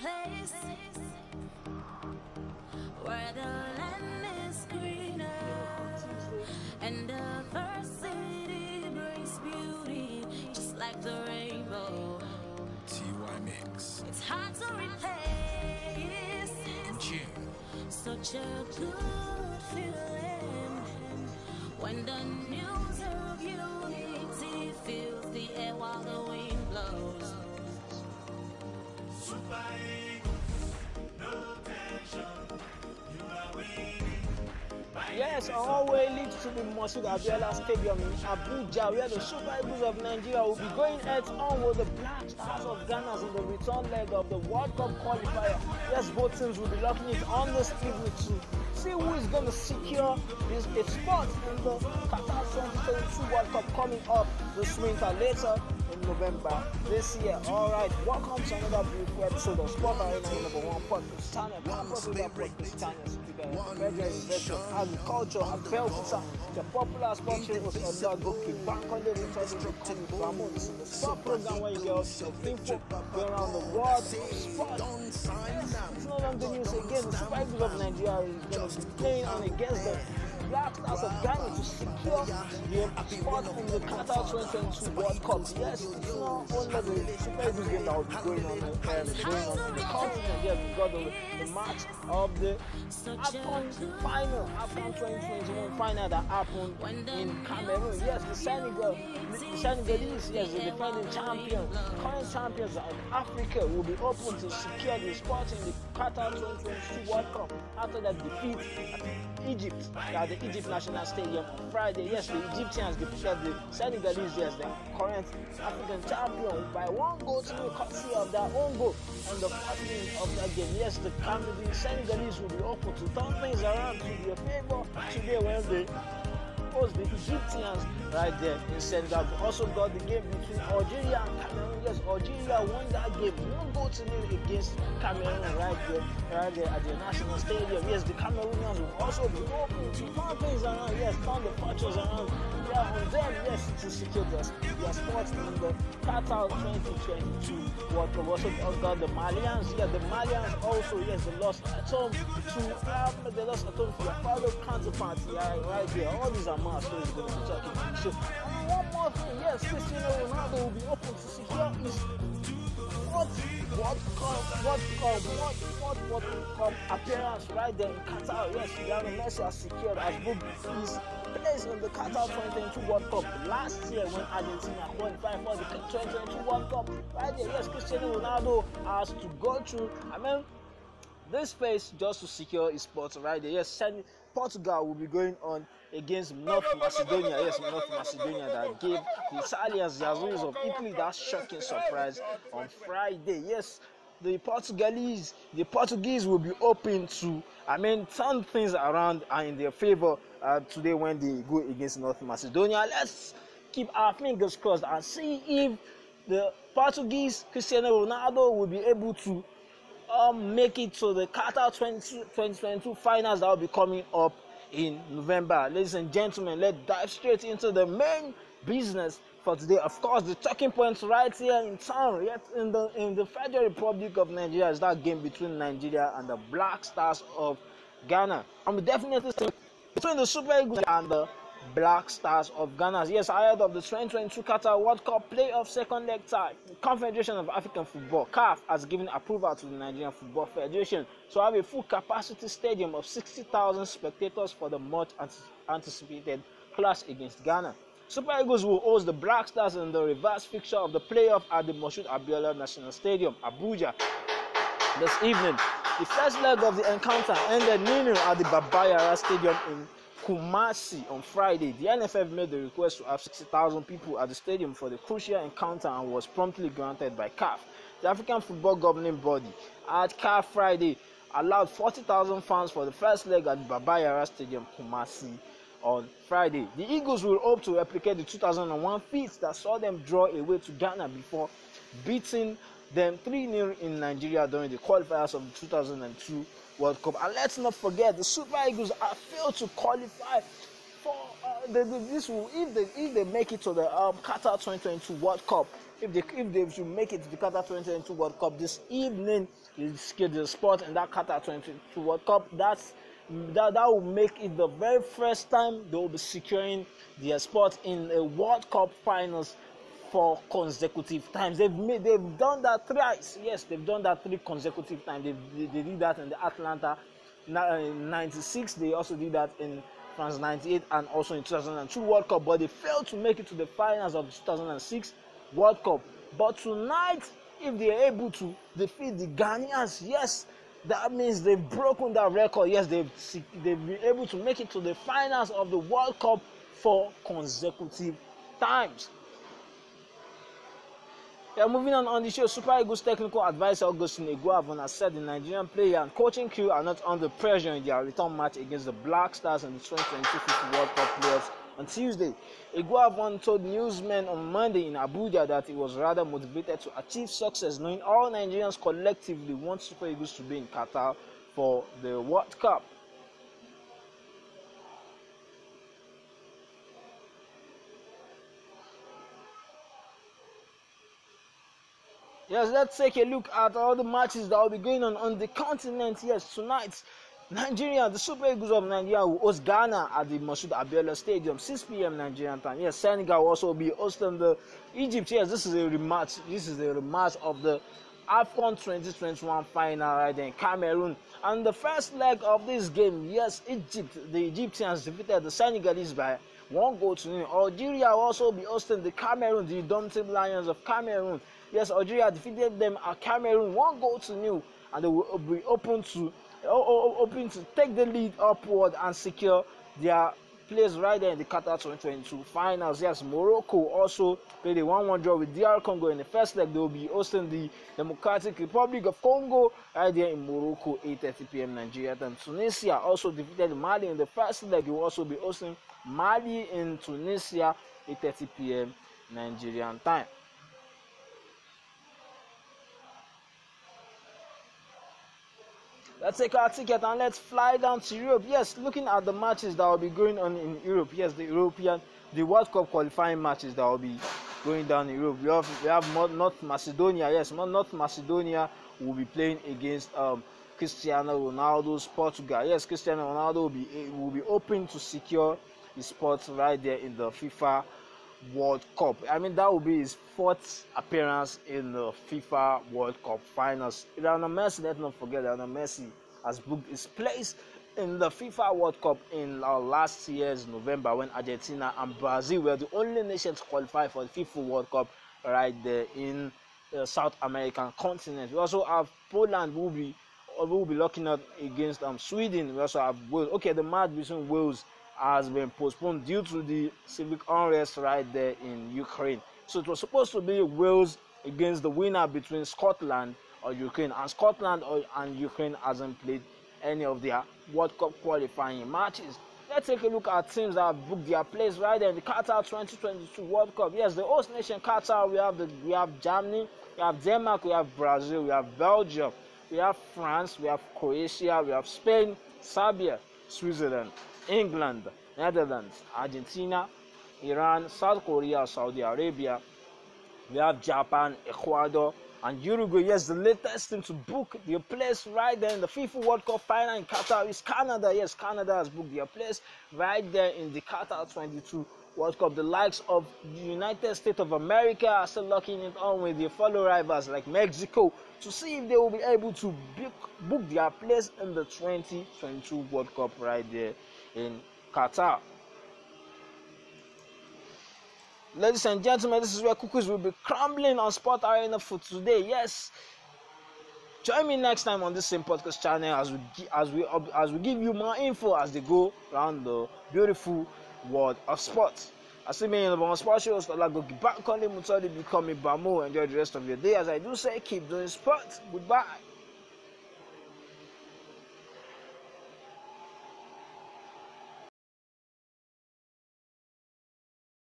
place where the land is greener and the first city brings beauty, just like the rainbow. TY Mix. It's hard to replace. Yeah. Such a good feeling when the news of unity fills the air while the wind blows yes, our way leads to the Masud Abiola Stadium in Abuja, where the Super Eagles of Nigeria will be going heads on with the Black Stars of Ghana in the return leg of the World Cup qualifier. Yes, both teams will be locking it on this evening too see who is going to secure this spot in the Qatar 2022 World Cup coming up this winter. Later, in November this year. All right, welcome to another beautiful episode of Sport Arena number one podcast channel. Campus River Podcast channel, speaker, federal investment, agriculture, agriculture, the popular sport show with Ola Goki, Bankole, Richard, and Bramon. This is the sport program where you get up to info around the world. Sport. Yes, it's no longer news again. The Spikes of Nigeria is going to be playing on against them blacks out of Ghana to secure the spot in the Qatar 2022 World Cup. Yes, it's not only the Super Eagles game that will be going on, um, going on in the continent. Yes, we got the, the match of the AFCON final, AFCON 2021 final that happened in Cameroon. Yes, the Senegal, the, Senegalese, yes, the defending champion, current champions of Africa will be open to secure the spot in the Qatar 2022 World Cup after that defeat Egypt that Egypt National Stadium Friday. Yes, the Egyptians defeated the Senegalese, yes, the current African champion by one goal to the courtesy of their own goal on the first of that game. Yes, the Cameroon Senegalese will be open to turn things around to their favor today when they exposed the Egyptians right there in Senegal. we also got the game between Algeria and Cameroon. Yes, Algeria won that game. One goal to nil against Cameroon right there, right there at the National Stadium. Yes, the Cameroonians will also be open to fan things around. Yes, turn the fortunes around level, then yes, to secure your, your in the Qatar 2022. What was it under the Malians? Yeah, the Malians also, yes, they lost at home to, um, they lost at home to their fellow counterparts, yeah, right there. All these are my stories we're talking about. So, and one more thing, yes, Cristiano Ronaldo will be open to secure his what what come what come what what what come appearance right there in Qatar. Yes, Lionel Messi has secured as book is place in the Qatar 2022 World Cup last year when Argentina qualified for the 2022 World Cup. Right there, yes, Cristiano Ronaldo has to go through. I mean, this place just to secure his spot right there. Yes, Portugal will be going on against North Macedonia. Yes, North Macedonia that gave the Italians the Azules of Italy that shocking surprise on Friday. Yes, the Portuguese, the Portuguese will be open to, I mean, turn things around and in their favor uh, today when they go against North Macedonia. Let's keep our fingers crossed and see if the Portuguese Cristiano Ronaldo will be able to um, make it to the Qatar 20, 2022 finals that will be coming up in November. Ladies and gentlemen, let's dive straight into the main business for today. Of course, the talking points right here in town, yet in the in the Federal Republic of Nigeria is that game between Nigeria and the Black Stars of Ghana. I'm definitely saying between the Super Eagles and the Black Stars of Ghana. Yes, ahead of the 2022 Qatar World Cup playoff second leg tie, the Confederation of African Football (CAF) has given approval to the Nigerian Football Federation to have a full capacity stadium of 60,000 spectators for the much anticipated clash against Ghana. Super Eagles will host the Black Stars in the reverse fixture of the playoff at the Moshood Abiola National Stadium, Abuja, this evening. The first leg of the encounter ended nil at the Babayara Stadium in Kumasi on Friday. The NFF made the request to have 60,000 people at the stadium for the crucial encounter and was promptly granted by CAF. The African Football Governing Body at CAF Friday allowed 40,000 fans for the first leg at the Babayara Stadium, Kumasi. on Friday. The Eagles will hope to replicate the 2001 feat that saw them draw away to Ghana before beating them 3 0 in Nigeria during the qualifiers of the 2002 World Cup. And let's not forget, the Super Eagles have failed to qualify for uh, the, the, this. Will, if they if they make it to the um, Qatar 2022 World Cup, if they if they should make it to the Qatar 2022 World Cup this evening, is the spot in that Qatar 2022 World Cup. That's that, that will make it the very first time they will be securing their spot in a World Cup finals for consecutive times. They've made, they've done that thrice. Yes, they've done that three consecutive times. They, they, they did that in the Atlanta uh, in 96. They also did that in France 98 and also in 2002 World Cup. But they failed to make it to the finals of the 2006 World Cup. But tonight, if they are able to defeat the Ghanaians, yes, That means they've broken that record. Yes, they've, they've been able to make it to the finals of the World Cup four consecutive times. Yeah, moving on on the show, Super Eagles technical advisor Augustine Iguavon said the Nigerian player and coaching crew are not under pressure in their return match against the Black Stars in the 2022 World Cup playoffs on Tuesday. Iguavan told newsmen on Monday in Abuja that he was rather motivated to achieve success, knowing all Nigerians collectively want Super Eagles to be in Qatar for the World Cup. Yes, let's take a look at all the matches that will be going on on the continent. Yes, tonight Nigeria, the Super Eagles of Nigeria will host Ghana at the Masoud Abiola Stadium, 6 p.m. Nigerian time. Yes, Senegal will also be hosting the Egypt. Yes, this is a rematch. This is a rematch of the AFCON 2021 final right in Cameroon. And the first leg of this game, yes, Egypt, the Egyptians defeated the Senegalese by one goal to nil. Algeria will also be hosting the Cameroon, the Dominican Lions of Cameroon. Yes, Algeria defeated them at Cameroon, one goal to nil, and they will be open to hoping to take the lead upward and secure their place right there in the Qatar 2022 finals. Yes, Morocco also played a 1 1 draw with DR Congo in the first leg. They will be hosting the Democratic Republic of Congo right there in Morocco, 8:30 p.m. Nigeria. Then Tunisia also defeated Mali in the first leg. They will also be hosting Mali in Tunisia, 8:30 p.m. Nigerian time. Let's take our ticket and let's fly down to Europe. Yes, looking at the matches that will be going on in Europe. Yes, the European, the World Cup qualifying matches that will be going down in Europe. We have we have North Macedonia. Yes, North Macedonia will be playing against um, Cristiano Ronaldo's Portugal. Yes, Cristiano Ronaldo will be will be hoping to secure his spot right there in the FIFA World Cup. I mean, that will be his fourth appearance in the FIFA World Cup finals. Lionel Messi, let's not forget, Lionel Messi has booked his place in the FIFA World Cup in our last year's November when Argentina and Brazil were the only nations qualified for the FIFA World Cup right there in the South American continent. We also have Poland who will be, who will be locking up against um, Sweden. We also have Wales. Okay, the match between Wales has been postponed due to the civic unrest right there in Ukraine. So it was supposed to be Wales against the winner between Scotland or Ukraine, and Scotland or, and Ukraine hasn't played any of their World Cup qualifying matches. Let's take a look at teams that have booked their place right there in the Qatar 2022 World Cup. Yes, the host nation Qatar. We have the we have Germany, we have Denmark, we have Brazil, we have Belgium, we have France, we have Croatia, we have Spain, Serbia, Switzerland. England, Netherlands, Argentina, Iran, South Korea, Saudi Arabia. We have Japan, Ecuador, and Uruguay. Yes, the latest team to book their place right there in the FIFA World Cup final in Qatar is Canada. Yes, Canada has booked their place right there in the Qatar 22 World Cup, the likes of the United States of America are still locking it on with their fellow rivals like Mexico to see if they will be able to book, book their place in the 2022 World Cup right there in Qatar. Ladies and gentlemen, this is where cookies will be crumbling on Sport Arena for today. Yes, join me next time on this same podcast channel as we as we as we give you more info as they go around the beautiful world of sports. As in the on sports shows, I'll go back on the Mutali, become a Bamo, enjoy the rest of your day. As I do say, keep doing sports. Goodbye.